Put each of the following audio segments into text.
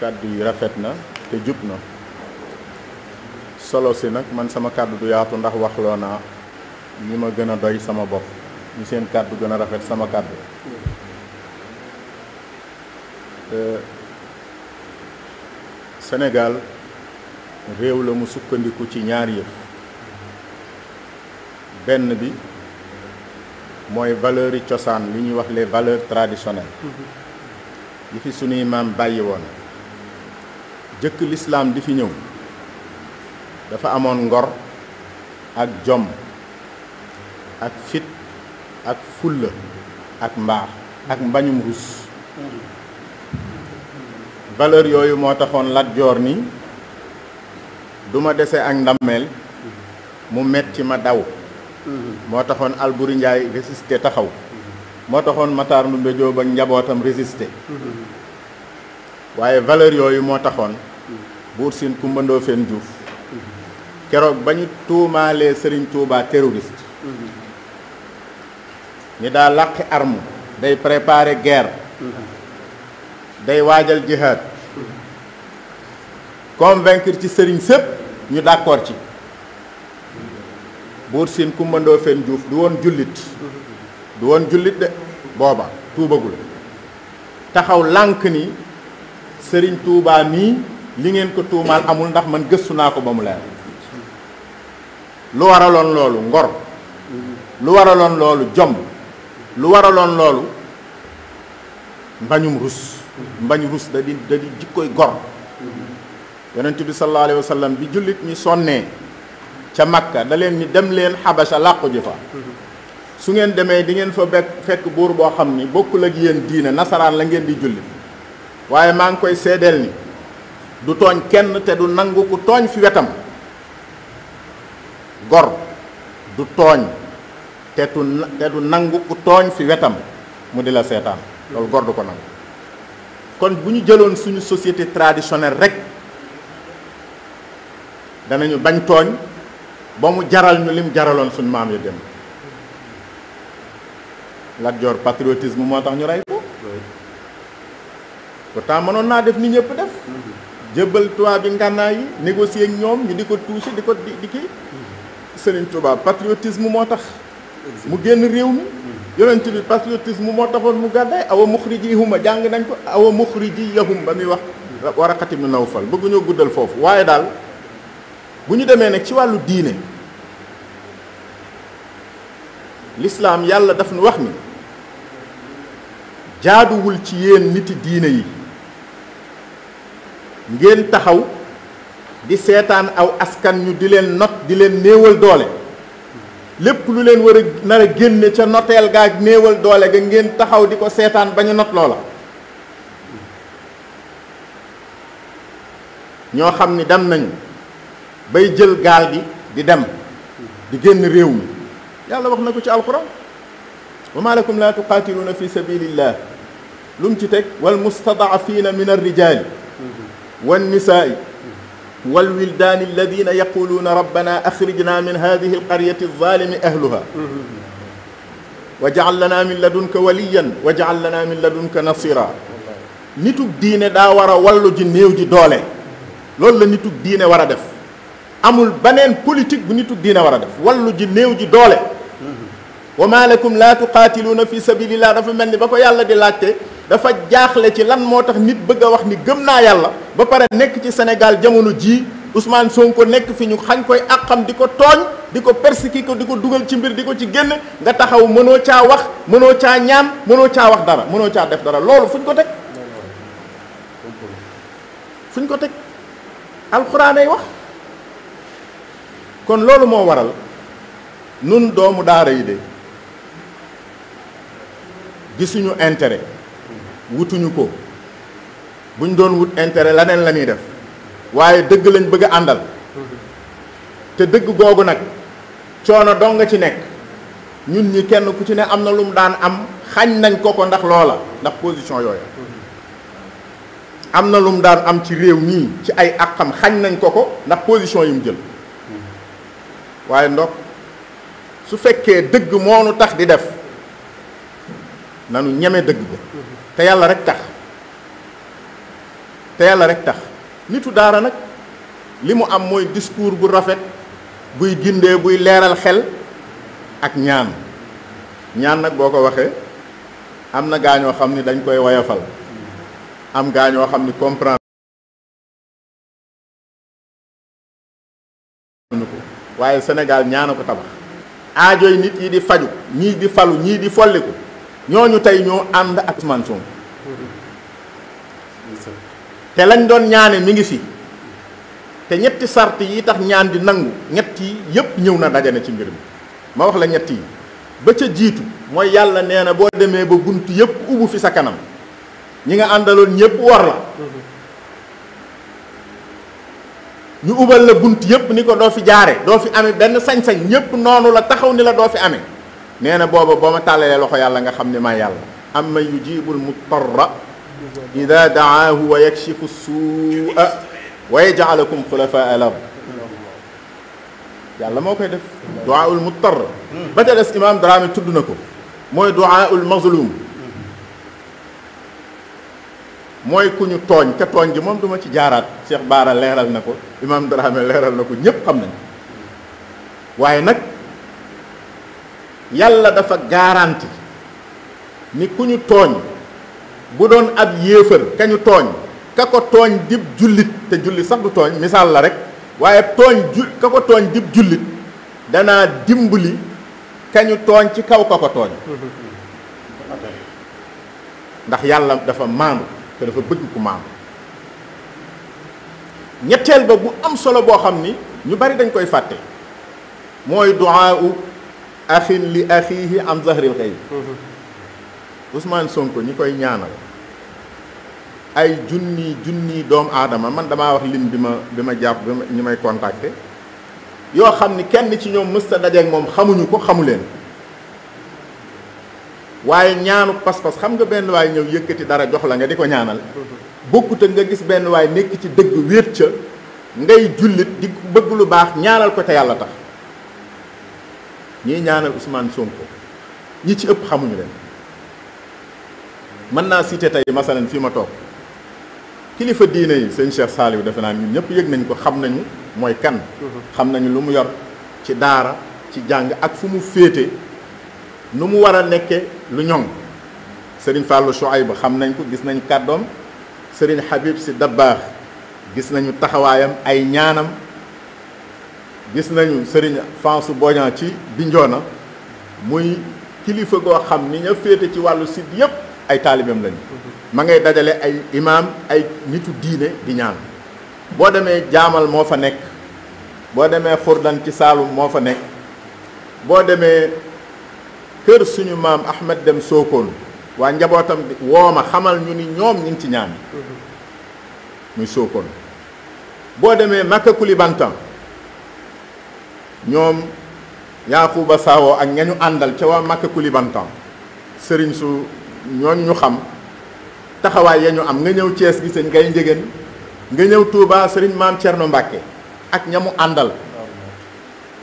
kàddu yi rafet na te jub na solo si nag man sama kàddu du yaatu ndax waxloo naa ñi ma gën a doy sama bopp ñu seen kàddu gën a rafet sama kàddu eh, Sénégal réew la mu sukkandiku ci ñaar yëf benn bi mooy valeurs yi cosaan li ñuy wax les valeurs traditionnelles mm-hmm. fi sunuy maam bàyyi woon jëkk lislaam di fi ñëw dafa amoon ngor ak jom ak fit ak fulla ak mbaax ak mbañum rus valeur yooyu moo taxoon Lat Joor ni duma ma dese ak ndameel mu metti ma daw moo taxoon Alburi Njaay résisté taxaw moo taxoon Matar Ndumbe Joob ak njabootam résisté mm-hmm. waaye valeur yooyu moo taxoon buur siin kumbandoo fen Diouf keroog ba ñu tuumaalee Serigne Touba terroriste ñi daa làqi arme day préparer guerre day waajal jihad convaincre ci sëriñ sëpp ñu d'accord ci buur siin kumbandoo fen Diouf du woon jullit du woon jullit de booba tuubagul taxaw lànk ni Serigne Touba nii li ngeen ko tuumaal amul ndax man gëstu naa ko ba mu leer lu waraloon loolu ngor lu waraloon loolu jomb lu waraloon loolu mbañum rus mbañ rus da di da di jikkoy gor yonent bi sallallahu alayhi wa bi jullit ñi sonnee ca makka da leen ni dem leen xabasa làqu ji fa su ngeen demee di ngeen fa bekk fekk buur boo xam ni bokkul ak yéen diine nasaraan la ngeen di jullit waaye maa ngi koy seedeel ni du tooñ kenn te du nangu ku tooñ fi wetam gor du tooñ te du nangu ku tooñ fi wetam mu di la seetaan loolu gor du ko nangu kon bu ñu jëloon suñu société traditionnelle rek danañu bañ tooñ ba mu jaral ñu lim jaraloon suñu maam yu dem Lat Joor patriotisme moo tax ñu rey ko pourtant mënoon naa def ni ñëpp def mm-hmm. jébbal tubaab bi ngànnaay yi négocier ñoom ñu di ko touché di ko di di kii Serigne Touba patriotisme moo tax mu génn réew mi mm. yonent bi patriotisme moo taxoon mu gàddaay awa muxriji huma jàng nañ ko awa muxriji yahum ba muy wax war a xatimu nawfal bëgguñoo guddal foofu waaye daal bu ñu demee nag ci wàllu diine lislaam yàlla daf nu wax mi jaaduwul ci yéen niti diine yi ngeen taxaw di seetaan aw askan ñu di leen not di leen néewal doole lépp lu leen war a nar a génne ca noteel gaa néewal doole ga ngeen taxaw di ko seetaan ba ñu not loola ñoo xam ni dem nañu bay jël gaal gi di dem di génn réew mi yàlla wax na ko ci alxuraan wa maa lakum laa tuqaatiluuna fi sabilillah lu mu ci teg wal mustadaafina min ar rijaali والنساء والولدان الذين يقولون ربنا أخرجنا من هذه القرية الظالم أهلها واجعل لنا من لدنك وليا واجعل لنا من لدنك نصيرا nitug diine daa war a wallu ji néew ji doole loolu la nitug diine war a def amul beneen politique bu nitug diine war a def wallu ji néew ji doole mm-hmm. wa maa lakum laa tuqaatiluuna fi sabilillah dafa mel ni ba ko yàlla di laajte dafa jaaxle ci lan moo tax nit bëgg a wax ni gëm naa yàlla ba pare nekk ci senegal jamono jii Ousmane ko nekk fi ñu xañ koy àqam di ko tooñ di ko persiki ko di ko dugal ci mbir di ko ci génn nga taxaw mënoo caa wax mënoo caa ñaan mënoo caa wax dara mënoo caa def dara loolu fuñ ko teg fuñ ko teg alxuraan ay wax kon loolu moo waral nun doomu daara yi de gisuñu intérêt wutuñu ko buñ doon wut intérêt laneen la ñuy def waaye dëgg lañ bëgg a àndal te dëgg googu nag coono dong nga ci nekk ñun ñi kenn ku ci ne am na lu mu daan am xañ nañ ko ko ndax loola ndax position yooyu am na lu mu daan am ci réew mii ci ay àqam xañ nañ ko ko ndax position yi mu jël waaye ndox su fekkee dëgg moonu tax di def nanu ñeme dëgg ba te yàlla rek tax te yàlla rek tax nitu daara nag li mu am mooy discours bu rafet buy gindee buy leeral xel ak ñaan ñaan nag boo ko waxee am na gaa ñoo xam ni dañ koy woyofal am gaa ñoo xam ni comprendre waaye Sénégal ñaana ko tabax aajoy nit yi di faju ñii di falu ñii di folliku ñooñu tey ñoo ànd ak Ousmane Sonko te lañ doon ñaane mi ngi fi te ñetti sart yi tax ñaan di nangu ñetti yi yépp ñëw na dajane ci mbir mi ma wax la ñetti yi ba ca jiitu mooy yàlla nee na boo demee ba bunt yépp ubbu fi sa kanam ñi nga àndaloon ñépp war la ñu ubal la bunt yépp ni ko doo fi jaare doo fi amee benn sañ-sañ ñépp noonu la taxaw ni la doo fi amee nee na booba boo ma tàllalee loxo yàlla nga xam ne maa yàlla amma yujibul mutarra ida daahu wa yakshifu suua wa yajalakum xulafaa al ard yàlla moo koy def duaaul muttar ba ca des imaam Dramé tudd na ko mooy duaaul mazlum mooy ku ñu tooñ te tooñ gi moom duma ci jaaraat Cheikh Baara leeral na ko imaam Dramé leeral na ko ñépp xam nañ waaye nag yàlla dafa garanti ni ku ñu tooñ bu doon ab yéefar ka ñu tooñ ka ko tooñ dib jullit te jullit sax du tooñ misaal la rekk waaye tooñ ju ka ko tooñ dib jullit danaa dimbali ka ñu tooñ ci kaw ka ko tooñ ndax yàlla dafa maandu te dafa bëgg ku maandu ñetteel ba bu am solo boo xam ni ñu bari dañ koy fàtte mooy duwaa u axin li axiihi an zahril xëy Ousmane Sonko ñi koy ñaanal ay junni junni doom aadama man damaa wax lim bi ma bi ma jàpp bi ma ñi may contacté yoo xam ni kenn ci ñoom mësta dajeek moom xamuñu ko xamu leen waaye ñaanu pas-pas xam nga benn waay ñëw yëkkati dara jox la nga di ko ñaanal bokkut ak nga gis benn waay nekk ci dëgg wéet ca ngay jullit di bëgg lu baax ñaanal ko te yàlla tax ñii ñaanal Ousmane Sonko ñi ci ëpp xamuñu leen mën naa cité tey masalan fii ma toog kilifa diine yi sëñ Cheikh bi defe naa ñun ñëpp yëg nañ ko xam nañu mooy kan. xam nañu lu mu yor ci daara ci jàng ak fu mu féete nu mu war a nekke lu ñoŋ Serigne Fallou Chouaïba xam nañ ko gis nañ kàddoom Serigne Habib si Dabaax gis nañu taxawaayam ay ñaanam. gis nañu sëriñ Fansu Boña ci Bignona muy kilifa goo xam ni ña féete ci wàllu sit yëpp ay taalibeem lañu ma ngay dajale ay imaam ay nitu diine di ñaan boo demee jaamal moo fa nekk boo demee xurdan ci saalum moo fa nekk boo demee kër suñu maam Ahmed Dem Sokone waa njabootam woo ma xamal ñu ni ñoom ñu ngi ci ñaan mhm. muy Sokone boo demee Makka Koulibantang ñoom Yaakuba saawoo ak ñañu àndal ca waa Màkka Kulibantan sëriñ su ñooñ ñu xam taxawaay ya ñu am nga ñëw cees gi sëñ Gaye Njëgeen nga ñëw Touba sëriñ maam Thierno Mbacke ak ñamu àndal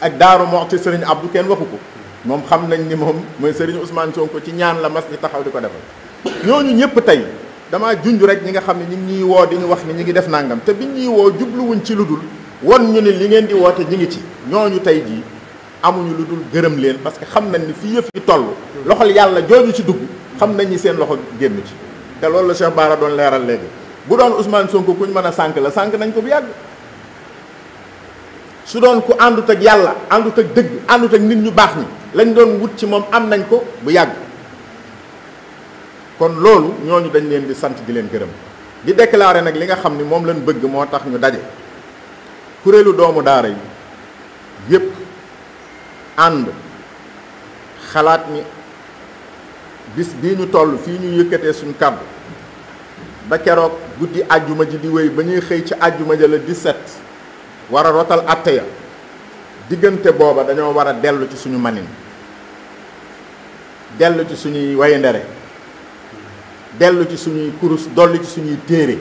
ak Daaru Moxti sëriñ Abdou kenn waxu ko moom xam nañ ni moom mooy sëriñ Ousmane Sonko ci ñaan la mas di taxaw di ko defal ñooñu ñëpp tey dama junj rek ñi nga xam ne ñi ngi ñuy woo di ñu wax ni ñu ngi def nangam te biñ ñuy woo jubluwuñ ci lu dul won ñu ne li ngeen di woote ñi ngi ci ñooñu tey jii amuñu lu dul gërëm leen parce que xam nañ ni fii yëf yi toll loxol yàlla jooju ci dugg xam nañ seen loxo génn ci te loolu la Cheikh Bara doon leeral léegi bu doon Ousmane Sonko kuñ mën a sànk la sànk nañ ko bu yàgg su doon ku àndut ak yàlla àndut ak dëgg àndut ak nit ñu baax ñi lañ doon wut ci moom am nañ ko bu yàgg kon loolu ñooñu dañ leen di sant di leen gërëm di déclarer nag li nga xam ni moom lañ bëgg moo tax ñu daje kuréelu doomu daara yi yépp ànd xalaat ni bis bii ñu toll fii ñuy yëkkatee suñu kàddu ba keroog guddi àjjuma ji di wéy ba ñuy xëy ci àjjuma ja la 17 war a rotal àtte ya diggante booba dañoo war a dellu ci suñu manin dellu ci suñuy wayndere dellu ci suñuy kurus dollu ci suñuy téere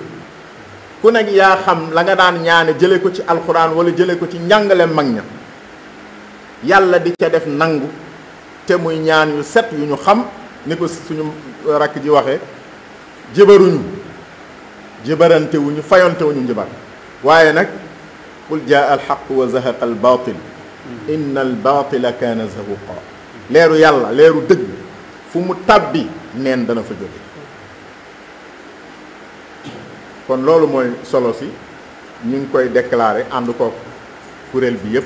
ku nekk yaa xam la nga daan ñaane jële ko ci alxuraan wala jële ko ci njàngale mag ña yàlla di ca def nangu te muy ñaan yu set yu ñu xam ni ko suñu rakk ji waxee jibaruñu jibarantewuñu fayontewuñu njibar waaye nag qul jaa alxaq wa zahaqa albaatil inna albaatila kaana zahuqa leeru yàlla leeru dëgg fu mu tàbbi neen dana fa jóge kon loolu mooy solo si ñu ngi koy déclarer ànd ko kuréel bi yëpp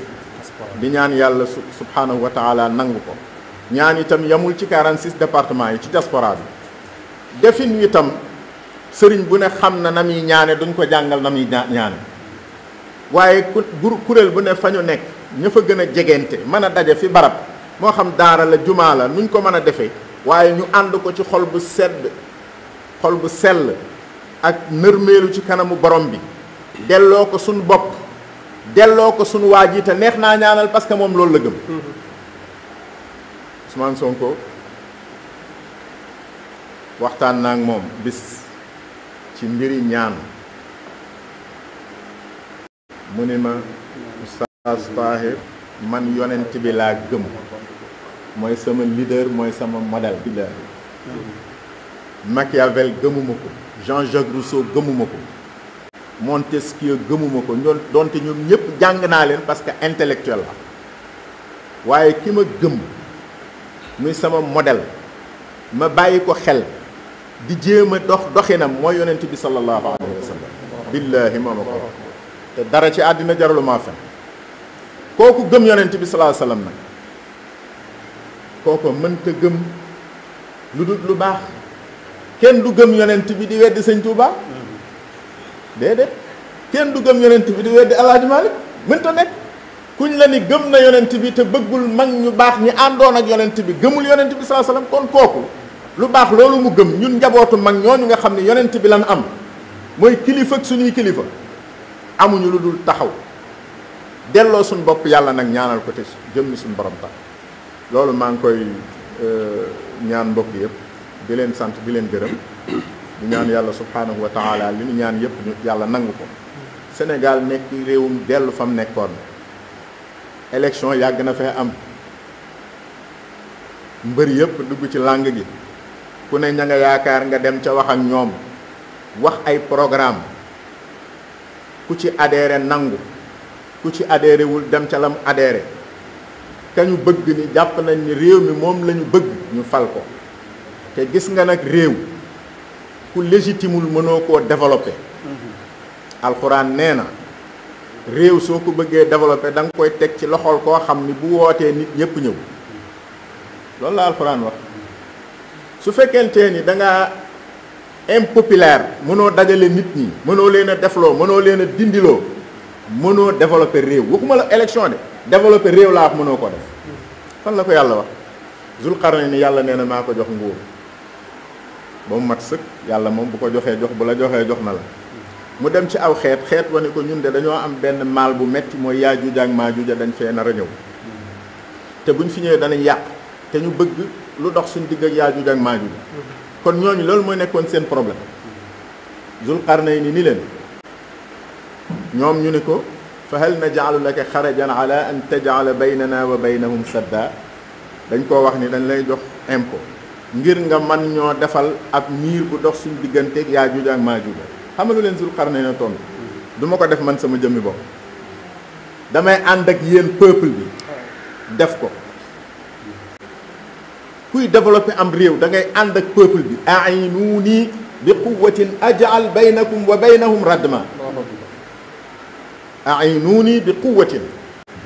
di ñaan yàlla subhanahu wa taala nangu ko ñaan itam yamul ci 46 département yi ci diaspora bi defin wi itam sëriñ bu ne xam na nam muy ñaane duñ ko jàngal na muy ñaane waaye ku kuréel bu ne fa ñu nekk ña fa gën a jegente mën a daje fi barab moo xam daara la jumaa la nuñ ko mën a defee waaye ñu ànd ko ci xol bu sedd xol bu sell ak nërmeelu ci kanamu borom bi delloo ko suñu bopp delloo ko suñu waa ji neex naa ñaanal parce que moom loolu la gëm Ousmane Sonko waxtaan naa moom bis ci mbiri ñaan mu ni ma Oustaz Tahir man yonent bi laa gëm mooy sama leader mooy sama modèle Machiavel gëmuma ko Jean-Jacques Rousseau gëmuma ko Montesquieu gëmuma ko ñoom donte ñoom ñëpp jàng naa leen parce que intellectuel la waaye ki ma gëm muy sama modèle ma bàyyi ko xel di jéem a dox doxinam mooy yonent bi sallallahu alayhi wa billaahi moo ko te dara ci àddina jaralu fen kooku gëm yonent bi sallallahu alayhi wa sallam nag kooko mënta gëm lu dul lu baax kenn du gëm yonent bi di weddi sëñ Touba déedéet kenn du gëm yonent bi di weddi Alaaji Malick mënta nekk kuñ la ni gëm na yonent bi te bëggul mag ñu baax ñi àndoon ak yonent bi gëmul yonent bi sallallahu alayhi wasallam kon kooku lu baax loolu mu gëm ñun njabootu mag ñooñu nga xam ne yonent bi lan am mooy kilifa suñuy kilifa amuñu lu dul taxaw delloo suñu bopp yàlla nag ñaanal ko te jëm ni suñ borom tax loolu maa ngi koy euh, ñaan mbokk yëpp di leen sant bi leen gërëm di ñaan yàlla subhaanahu wa taala li ñu ñaan yëpp yàlla nangu ko Sénégal nekk réewum dellu fam nekkoon élection yàgg na fee am mbër yépp dugg ci làng gi ku ne ña yaakaar nga dem ca wax ak ñoom wax ay programme ku ci adhéré nangu ku ci adhéré wul dem ca lam adhéré ka ñu bëgg ni jàpp nañ ni réew mi moom lañu bëgg ñu fal ko te gis nga nag réew ku légitimul mënoo koo développé mm-hmm. alxuraan nee na réew soo ko bëggee développé da nga koy teg ci loxol koo xam ni bu wootee nit ñëpp ñëw loolu la alxuraan wax su fekkentee ni danga nga impopulaire mënoo dajale nit ñi mënoo leen a defloo mënoo leen a dindiloo mënoo développé réew waxuma la élection de développé réew laa wax mënoo ko def fan la ko yàlla wax Zulqarnayni yàlla nee na maa ko jox nguur ba mu mat sëkk yàlla moom bu ko joxee jox bu la joxee jox na la mu dem ci aw xeet xeet wa ne ko ñun de dañoo am benn maal bu metti mooy yaajuuj ak maajuuj dañ fee nar a buñ fi ñëwee danañ yàq te ñu bëgg lu dox suñ digg ak yaajuuj ak kon ñooñu loolu mooy nekkoon seen problème Zulqarnayni ni leen ñoom ñu ni ko fa hal naj'alu laka xarajan ala an taj'ala baynana wa baynahum sadda dañ koo wax ni dañ lay jox impôt ngir nga man ñoo defal ab miir bu dox suñu digganteeg Yaajuuj ak Maajuuj lu leen Zul Qarnayni na tontu mm-hmm. du ma ko def man sama jëmmi bopp damay ànd ak yéen peuple bi def ko kuy développé am réew da ngay ànd ak peuple bi a'inuunii bi quwwatin aj'al baynakum wa baynahum radma a'inuunii bi quwwatin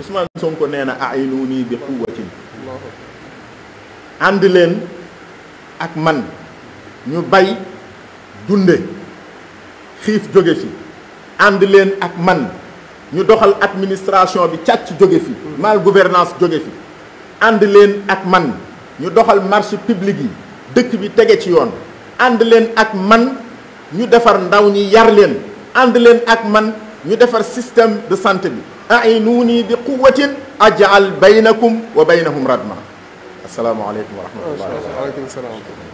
Ousmane Sonko nee na a'inuunii bi quwwatin ànd leen ak man ñu bay dunde xiif jóge fi ànd leen ak man ñu doxal administration bi càcc jóge fi mal gouvernance jóge fi ànd leen ak man ñu doxal marché public yi dëkk bi tege ci yoon ànd leen ak man ñu defar ndaw ñi yar leen ànd leen ak man ñu defar système de santé bi ainuuni bi quwwatin ajal baynakum wa baynahum radma salaamaaleykum wa rahmatulah. waaleykum salaam.